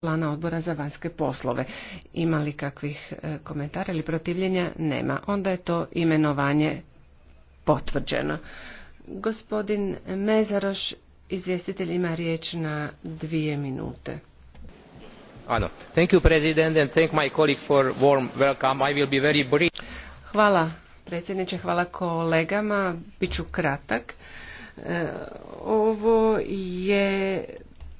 plana odbora za vanjske poslove. Ima li kakvih e, komentara ili protivljenja? Nema. Onda je to imenovanje potvrđeno. Gospodin Mezaroš, izvjestitelj ima riječ na dvije minute. Hvala, predsjedniče, hvala kolegama. Biću kratak. E, ovo je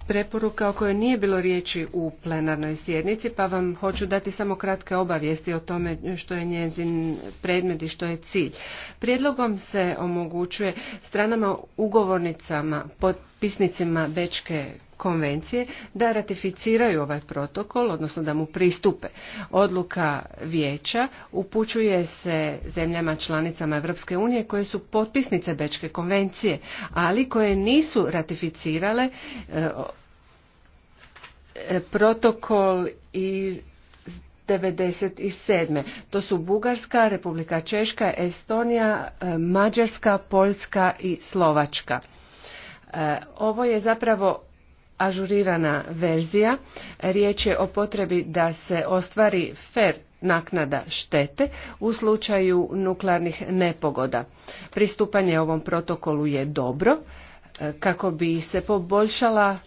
preporuka o kojoj nije bilo riječi u plenarnoj sjednici, pa vam hoću dati samo kratke obavijesti o tome što je njezin predmet i što je cilj. Prijedlogom se omogućuje stranama ugovornicama, potpisnicima Bečke konvencije da ratificiraju ovaj protokol, odnosno da mu pristupe. Odluka vijeća upućuje se zemljama članicama Europske unije koje su potpisnice Bečke konvencije, ali koje nisu ratificirale e, E, protokol iz 97. To su Bugarska, Republika Češka, Estonija, e, Mađarska, Poljska i Slovačka. E, ovo je zapravo ažurirana verzija. Riječ je o potrebi da se ostvari fer naknada štete u slučaju nuklearnih nepogoda. Pristupanje ovom protokolu je dobro kako bi se poboljšala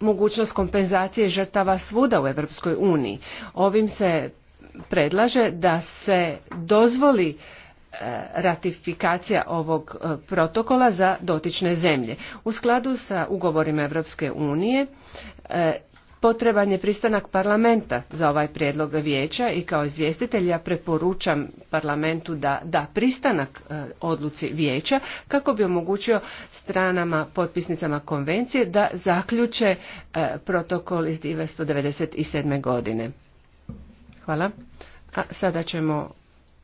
mogućnost kompenzacije žrtava svuda u Europskoj uniji. Ovim se predlaže da se dozvoli e, ratifikacija ovog e, protokola za dotične zemlje. U skladu sa ugovorima Europske unije e, Potreban je pristanak parlamenta za ovaj prijedlog vijeća i kao izvjestitelj ja preporučam parlamentu da da pristanak e, odluci vijeća kako bi omogućio stranama potpisnicama konvencije da zaključe e, protokol iz 1997. godine. Hvala. A sada ćemo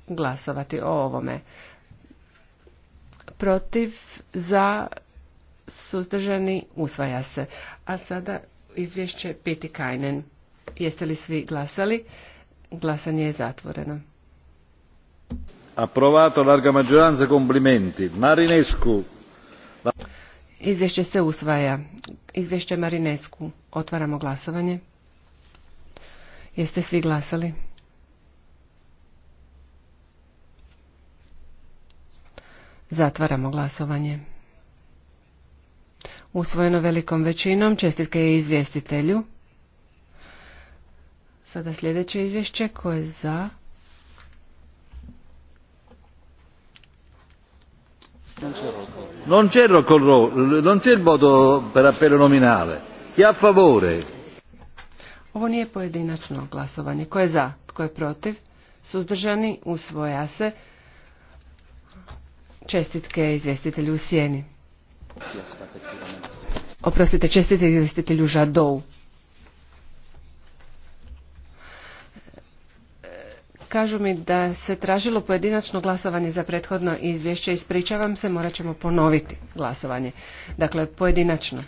glasovati o ovome. Protiv, za, suzdržani, usvaja se. A sada izvješće Piti Kajnen. Jeste li svi glasali? Glasanje je zatvoreno. Aprovato larga maggioranza complimenti. Marinescu. Izvješće se usvaja. Izvješće Marinescu. Otvaramo glasovanje. Jeste svi glasali? Zatvaramo glasovanje usvojeno velikom većinom. Čestitke je izvjestitelju. Sada sljedeće izvješće koje je za... Non c'è non c'è il voto per appello nominale. Chi favore? Ovo nije pojedinačno glasovanje. Ko je za? Tko je protiv? Suzdržani? Usvoja se. Čestitke izvjestitelju u sjeni. Oprostite, čestite izvestitelju Žadou. Kažu mi da se tražilo pojedinačno glasovanje za prethodno izvješće. Ispričavam se, morat ćemo ponoviti glasovanje. Dakle, pojedinačno.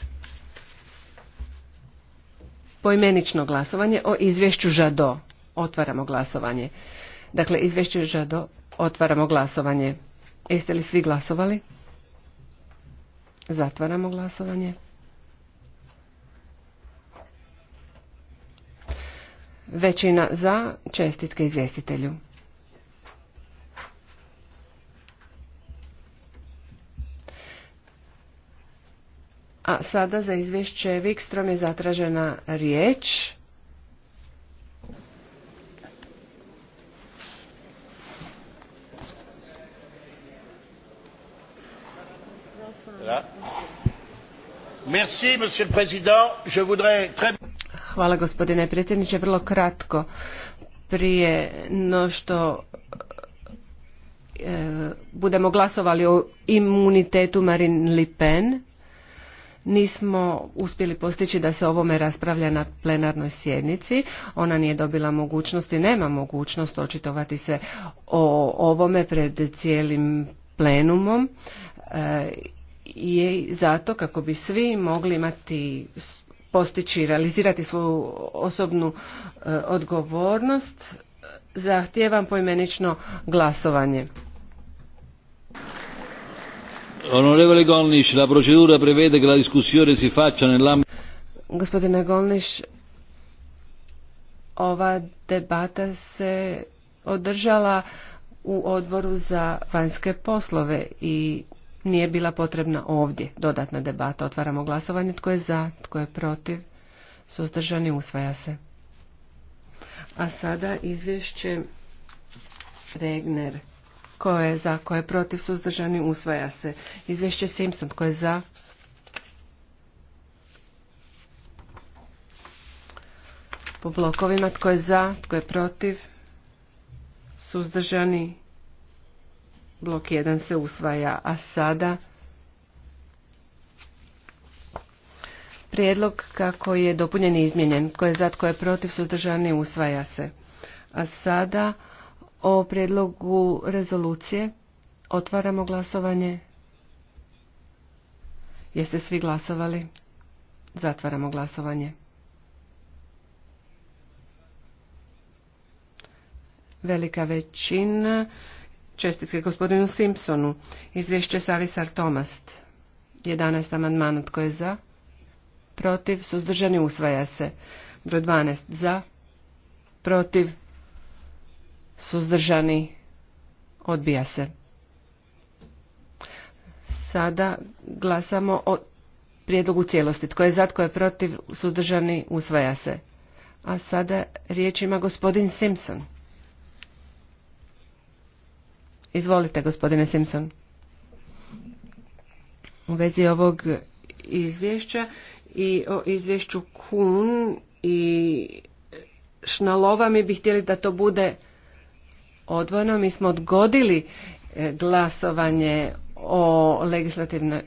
Poimenično glasovanje o izvješću Žado. Otvaramo glasovanje. Dakle, izvješće Žado. Otvaramo glasovanje. Jeste li svi glasovali? Zatvaramo glasovanje. Većina za čestitke izvjestitelju. A sada za izvješće Vikstrom je zatražena riječ. Hvala gospodine predsjedniče. Vrlo kratko prije no što e, budemo glasovali o imunitetu Marine Le Pen nismo uspjeli postići da se ovome raspravlja na plenarnoj sjednici. Ona nije dobila mogućnost i nema mogućnost očitovati se o ovome pred cijelim plenumom. i e, i zato kako bi svi mogli imati postići i realizirati svoju osobnu e, odgovornost zahtijevam poimenično glasovanje. Onorevole Golniš, la procedura prevede che la discussione si faccia nell'ambito... Gospodine Golniš, ova debata se održala u odboru za vanjske poslove i nije bila potrebna ovdje dodatna debata. Otvaramo glasovanje. Tko je za? Tko je protiv? Suzdržani usvaja se. A sada izvješće Regner. Ko je za? Ko je protiv? Suzdržani usvaja se. Izvješće Simpson. Tko je za? Po blokovima. Tko je za? Tko je protiv? Suzdržani Blok 1 se usvaja, a sada prijedlog kako je dopunjen i izmijenjen. Tko je za, tko je protiv, suzdržani, usvaja se. A sada o prijedlogu rezolucije otvaramo glasovanje. Jeste svi glasovali? Zatvaramo glasovanje. Velika većina Čestitke gospodinu Simpsonu. Izvješće Savisar Tomast. 11 amandman. tko je za? Protiv. Suzdržani usvaja se. Broj 12 za. Protiv. Suzdržani odbija se. Sada glasamo o prijedlogu cijelosti. Tko je za, tko je protiv, suzdržani, usvaja se. A sada riječ ima gospodin Simpson. Izvolite, gospodine Simpson. U vezi ovog izvješća i o izvješću Kun i Šnalova mi bi htjeli da to bude odvojno. Mi smo odgodili e, glasovanje o legislativnoj e,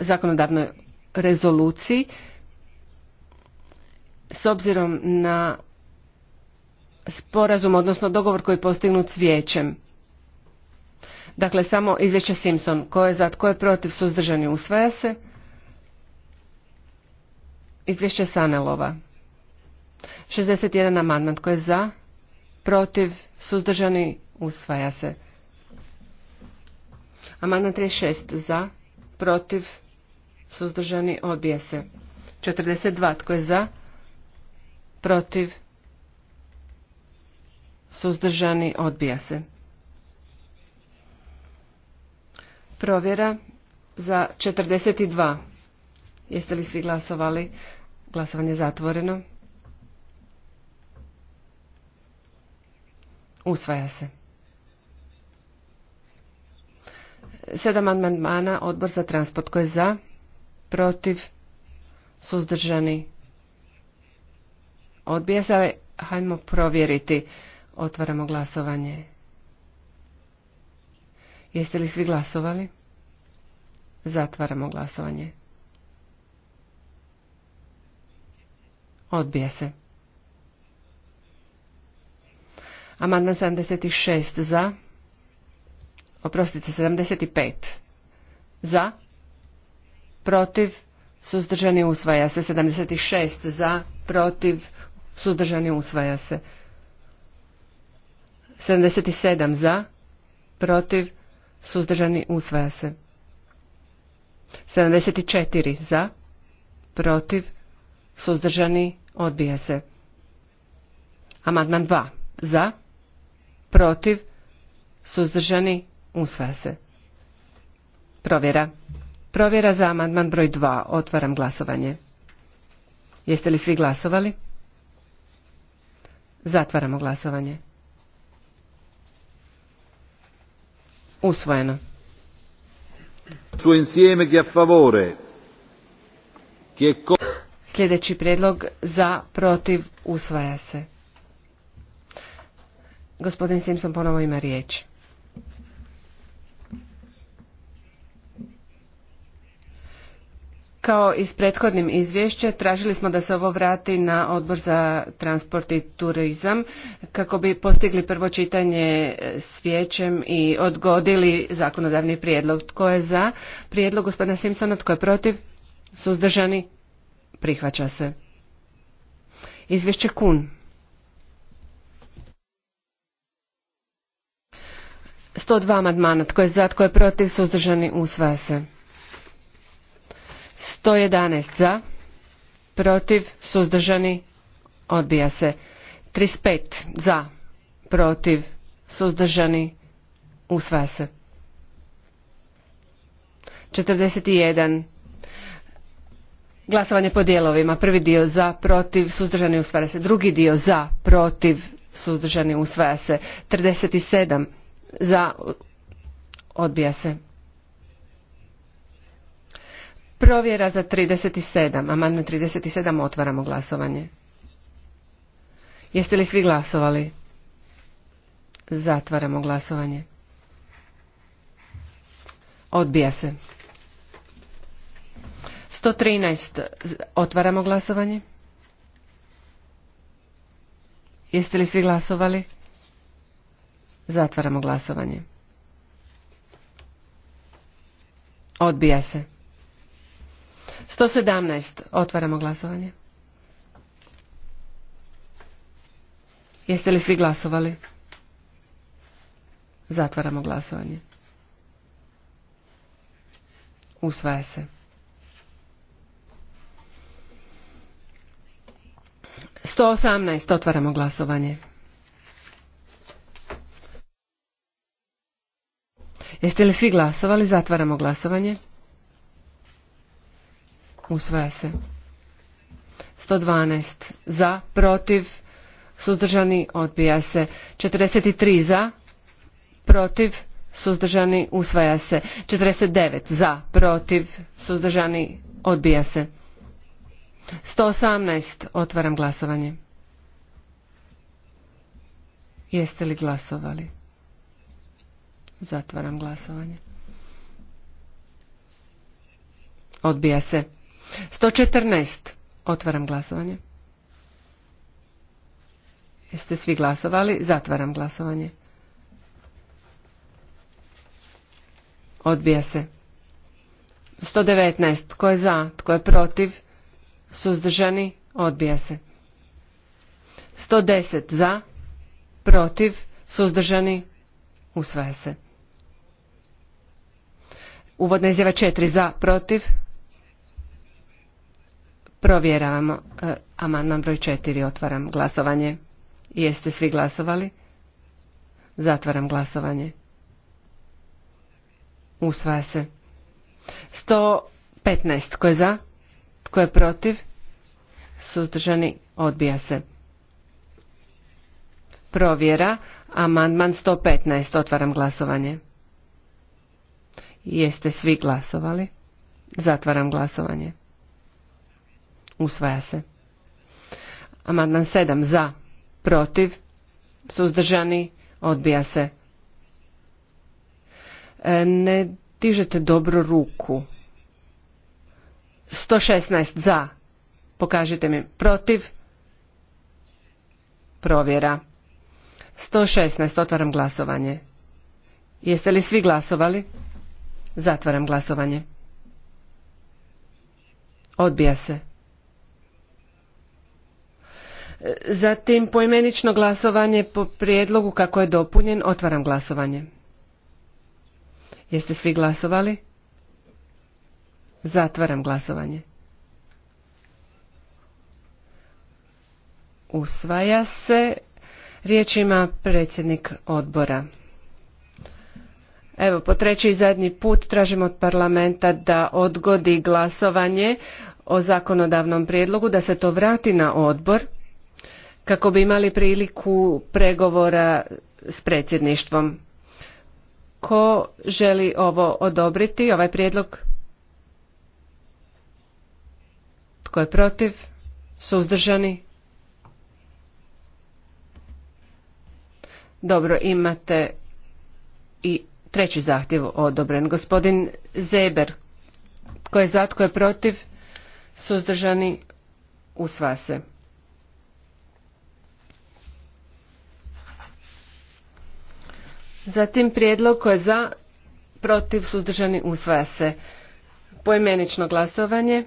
zakonodavnoj rezoluciji s obzirom na sporazum, odnosno dogovor koji je postignut s vijećem. Dakle, samo izvješće Simpson. Ko je za, tko je protiv, suzdržani, usvaja se. Izvješće Sanelova. 61 amandman. Tko je za, protiv, suzdržani, usvaja se. Amandman 36. Za, protiv, suzdržani, odbija se. 42. Tko je za, protiv, suzdržani, odbija se. Provjera za 42. Jeste li svi glasovali? Glasovanje zatvoreno. Usvaja se. Sedam amandmana odbor za transport. koji je za? Protiv? Suzdržani? Odbija se, ali hajmo provjeriti. Otvaramo glasovanje. Jeste li svi glasovali? Zatvaramo glasovanje. Odbija se. Amandman 76 za. Oprostite, 75. Za. Protiv. Suzdržani usvaja se. 76 za. Protiv. Suzdržani usvaja se. 77 za. Protiv suzdržani, usvaja se. 74 za, protiv, suzdržani, odbija se. Amandman 2 za, protiv, suzdržani, usvaja se. Provjera. Provjera za amandman broj 2. Otvaram glasovanje. Jeste li svi glasovali? Zatvaramo glasovanje. Usvojeno. insieme Sljedeći prijedlog za, protiv, usvaja se. Gospodin Simpson ponovo ima riječ. Kao i s prethodnim izvješće, tražili smo da se ovo vrati na odbor za transport i turizam kako bi postigli prvo čitanje s vijećem i odgodili zakonodavni prijedlog. Tko je za prijedlog gospodina Simpsona, tko je protiv? Suzdržani? Prihvaća se. Izvješće KUN. dva madmana. Tko je za, tko je protiv? Suzdržani? Usvaja se. 111 za, protiv, suzdržani, odbija se. 35 za, protiv, suzdržani, usvaja se. 41 glasovanje po dijelovima. Prvi dio za, protiv, suzdržani, usvaja se. Drugi dio za, protiv, suzdržani, usvaja se. 37 za, odbija se. Provjera za 37. Amandman 37. Otvaramo glasovanje. Jeste li svi glasovali? Zatvaramo glasovanje. Odbija se. 113. Otvaramo glasovanje. Jeste li svi glasovali? Zatvaramo glasovanje. Odbija se. 117. Otvaramo glasovanje. Jeste li svi glasovali? Zatvaramo glasovanje. Usvaja se. 118. Otvaramo glasovanje. Jeste li svi glasovali? Zatvaramo glasovanje usvaja se. 112 za, protiv, suzdržani, odbija se. 43 za, protiv, suzdržani, usvaja se. 49 za, protiv, suzdržani, odbija se. 118 otvaram glasovanje. Jeste li glasovali? Zatvaram glasovanje. Odbija se. 114. Otvaram glasovanje. Jeste svi glasovali? Zatvaram glasovanje. Odbija se. 119. Tko je za? Tko je protiv? Suzdržani? Odbija se. 110. Za? Protiv? Suzdržani? Usvaja se. Uvodna izjava 4. Za? Protiv? Provjeravamo e, amandman broj četiri. Otvaram glasovanje. Jeste svi glasovali? Zatvaram glasovanje. Usvaja se. 115. Tko je za? Tko je protiv? Suzdržani odbija se. Provjera. Amandman 115. Otvaram glasovanje. Jeste svi glasovali? Zatvaram glasovanje. Usvaja se. Amandman 7 za, protiv, suzdržani, odbija se. E, ne dižete dobro ruku. 116 za, pokažite mi protiv, provjera. 116, otvaram glasovanje. Jeste li svi glasovali? Zatvaram glasovanje. Odbija se. Zatim poimenično glasovanje po prijedlogu kako je dopunjen. Otvaram glasovanje. Jeste svi glasovali? Zatvaram glasovanje. Usvaja se. Riječ ima predsjednik odbora. Evo, po treći i zadnji put tražimo od parlamenta da odgodi glasovanje o zakonodavnom prijedlogu, da se to vrati na odbor kako bi imali priliku pregovora s predsjedništvom. Ko želi ovo odobriti, ovaj prijedlog? Tko je protiv? Suzdržani? Dobro, imate i treći zahtjev odobren. Gospodin Zeber, tko je za, tko je protiv? Suzdržani? Usva se. Zatim prijedlog koje je za, protiv, suzdržani, usvaja se. Poimenično glasovanje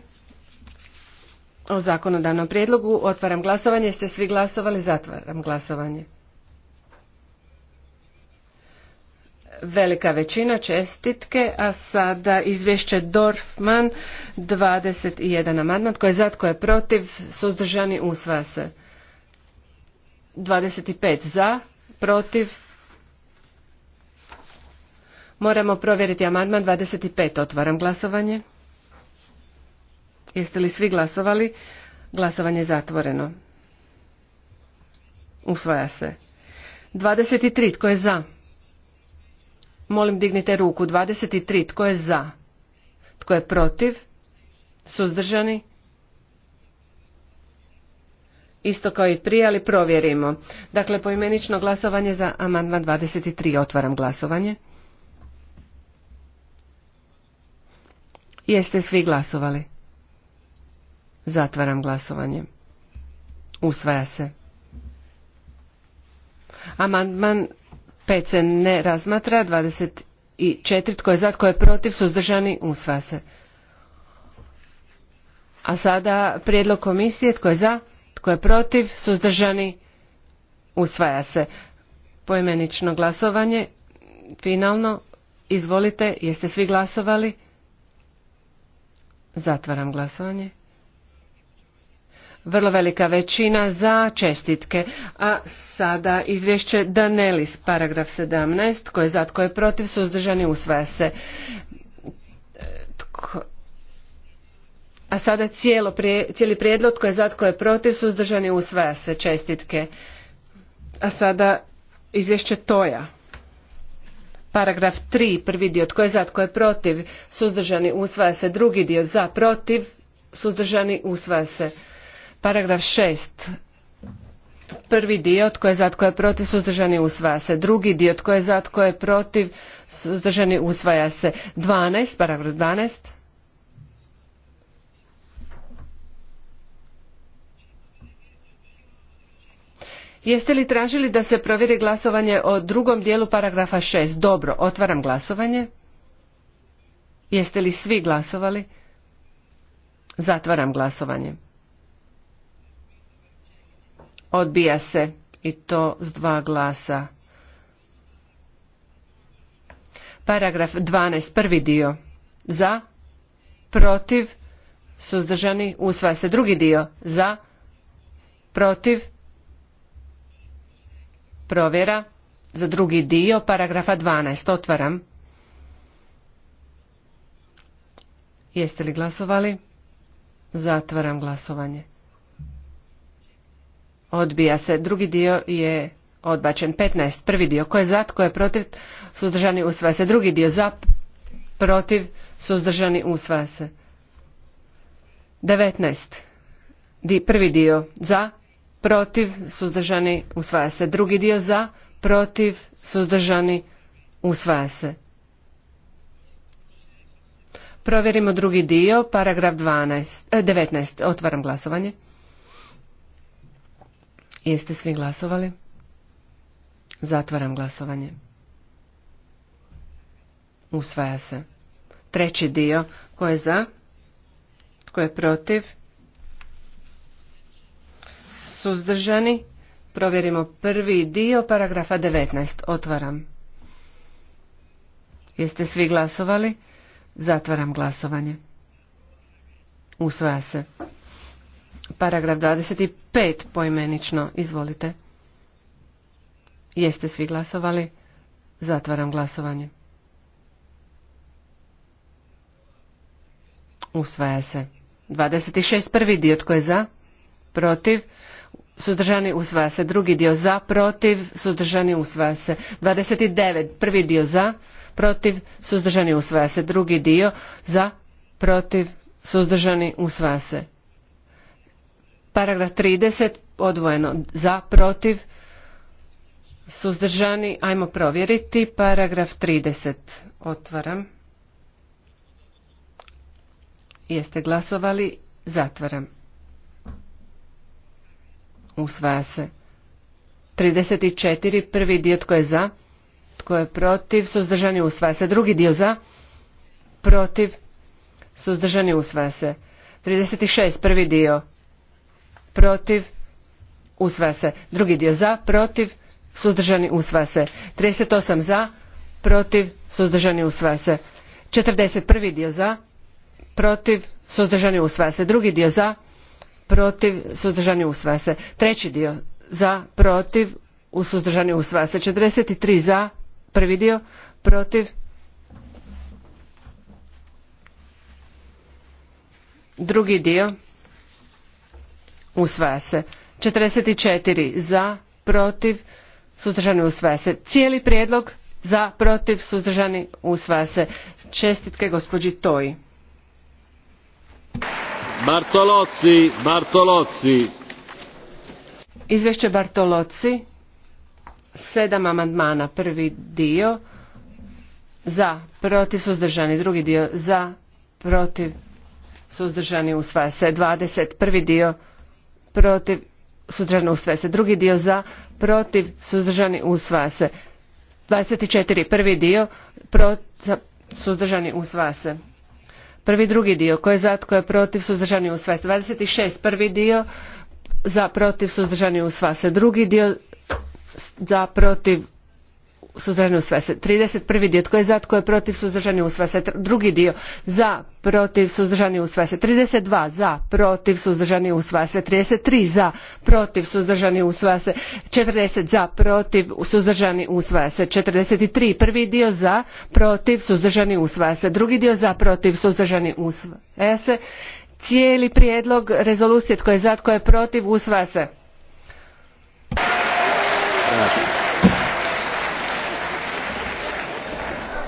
o zakonodavnom prijedlogu. Otvaram glasovanje. ste svi glasovali? Zatvaram glasovanje. Velika većina čestitke, a sada izvješće Dorfman 21 amandman. Tko je za, tko je protiv, suzdržani usvaja se. 25 za, protiv, Moramo provjeriti amandman 25. Otvaram glasovanje. Jeste li svi glasovali? Glasovanje je zatvoreno. Usvaja se. 23. Tko je za? Molim dignite ruku. 23. Tko je za? Tko je protiv? Suzdržani? Isto kao i prije, ali provjerimo. Dakle, poimenično glasovanje za amandman 23. Otvaram glasovanje. Jeste svi glasovali? Zatvaram glasovanje. Usvaja se. Amandman 5 se ne razmatra. 24. Tko je za, tko je protiv, suzdržani, usvaja se. A sada prijedlog komisije. Tko je za, tko je protiv, suzdržani, usvaja se. Poimenično glasovanje. Finalno, izvolite, jeste svi glasovali? Zatvaram glasovanje. Vrlo velika većina za čestitke. A sada izvješće Danelis, paragraf 17. Tko je za, tko je protiv, suzdržani, usvaja se. A sada cijelo cijeli prijedlog tko je za, tko je protiv, suzdržani, usvaja se. Čestitke. A sada izvješće Toja. Paragraf 3, prvi dio, tko je za, tko je protiv, suzdržani usvaja se. Drugi dio, za, protiv, suzdržani usvaja se. Paragraf 6, prvi dio, tko je za, tko je protiv, suzdržani usvaja se. Drugi dio, tko je za, tko je protiv, suzdržani usvaja se. Dvanaest, paragraf 12, Jeste li tražili da se provjeri glasovanje o drugom dijelu paragrafa 6? Dobro, otvaram glasovanje. Jeste li svi glasovali? Zatvaram glasovanje. Odbija se i to s dva glasa. Paragraf 12, prvi dio. Za, protiv, suzdržani, usvaja se drugi dio. Za, protiv, Provjera za drugi dio paragrafa 12. Otvaram. Jeste li glasovali? Zatvaram glasovanje. Odbija se. Drugi dio je odbačen. 15. Prvi dio. Ko je za, tko je protiv, suzdržani usvaja se. Drugi dio za, protiv, suzdržani usvaja se. 19. prvi dio za, protiv, suzdržani, usvaja se. Drugi dio za, protiv, suzdržani, usvaja se. Provjerimo drugi dio, paragraf 12, 19. E, Otvaram glasovanje. Jeste svi glasovali? Zatvaram glasovanje. Usvaja se. Treći dio, ko je za, ko je protiv, suzdržani. Provjerimo prvi dio paragrafa 19. Otvaram. Jeste svi glasovali? Zatvaram glasovanje. Usvaja se. Paragraf 25 poimenično. Izvolite. Jeste svi glasovali? Zatvaram glasovanje. Usvaja se. 26. prvi dio tko je za? Protiv? Suzdržani usvaja se. Drugi dio za, protiv, suzdržani usvaja se. 29. Prvi dio za, protiv, suzdržani usvaja se. Drugi dio za, protiv, suzdržani usvaja se. Paragraf 30. Odvojeno za, protiv, suzdržani. Ajmo provjeriti. Paragraf 30. Otvaram. Jeste glasovali? Zatvaram usvaja se. 34. prvi dio tko je za, tko je protiv, suzdržani usvaja se. Drugi dio za, protiv, suzdržani usvaja se. 36. prvi dio protiv, usvaja se. Drugi dio za, protiv, suzdržani usvaja se. 38 za, protiv, suzdržani usvaja se. 41. dio za, protiv, suzdržani usvaja se. Drugi dio za, protiv, suzdržani usvaja se. Treći dio za, protiv, U suzdržani usvaja se. 43 za, prvi dio, protiv, drugi dio, usvaja se. 44 za, protiv, suzdržani usvaja se. Cijeli prijedlog za, protiv, suzdržani usvaja se. Čestitke gospođi Toji. Bartolozzi. Izvješće Bartolozzi, sedam amandmana, prvi dio, za, protiv, suzdržani, drugi dio, za, protiv, suzdržani, usvaja se, dvadeset prvi dio, protiv, suzdržani, usvaja se, drugi dio, za, protiv, suzdržani, usvaja se, 24, prvi dio, protiv, suzdržani, usvaja se. Prvi drugi dio. Tko je za, tko je protiv, suzdržani u sva 26. Prvi dio. Za, protiv, suzdržani u sva se. Drugi dio. Za, protiv, suzdržani usvaja se. 31. dio tko je za, tko je protiv, suzdržani usvaja se. Drugi dio za, protiv, suzdržani usvaja se. 32 za, protiv, suzdržani usvaja se. 33 za, protiv, suzdržani usvaja se. 40 za, protiv, suzdržani usvaja se. 43 prvi dio za, protiv, suzdržani usvaja se. Drugi dio za, protiv, suzdržani usvaja se. Cijeli prijedlog rezolucije tko je za, tko je protiv, usvaja se. Znači,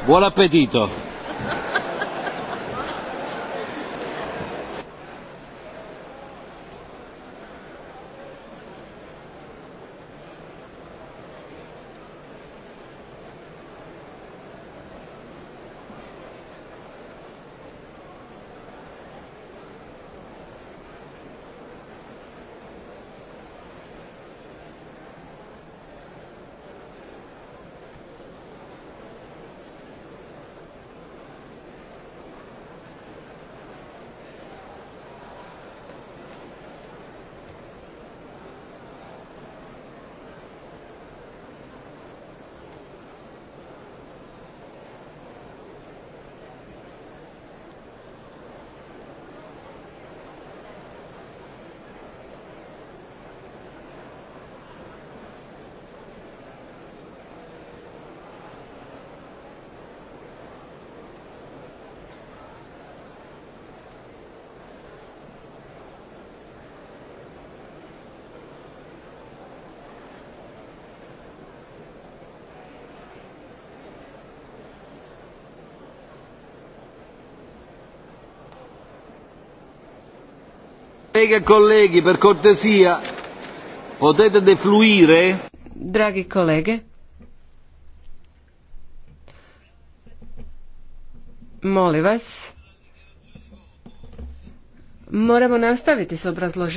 buon appetito! Colleghe e colleghi, per cortesia, potete defluire? Dragi kolege, molim vas, moramo nastaviti s obrazloženjem.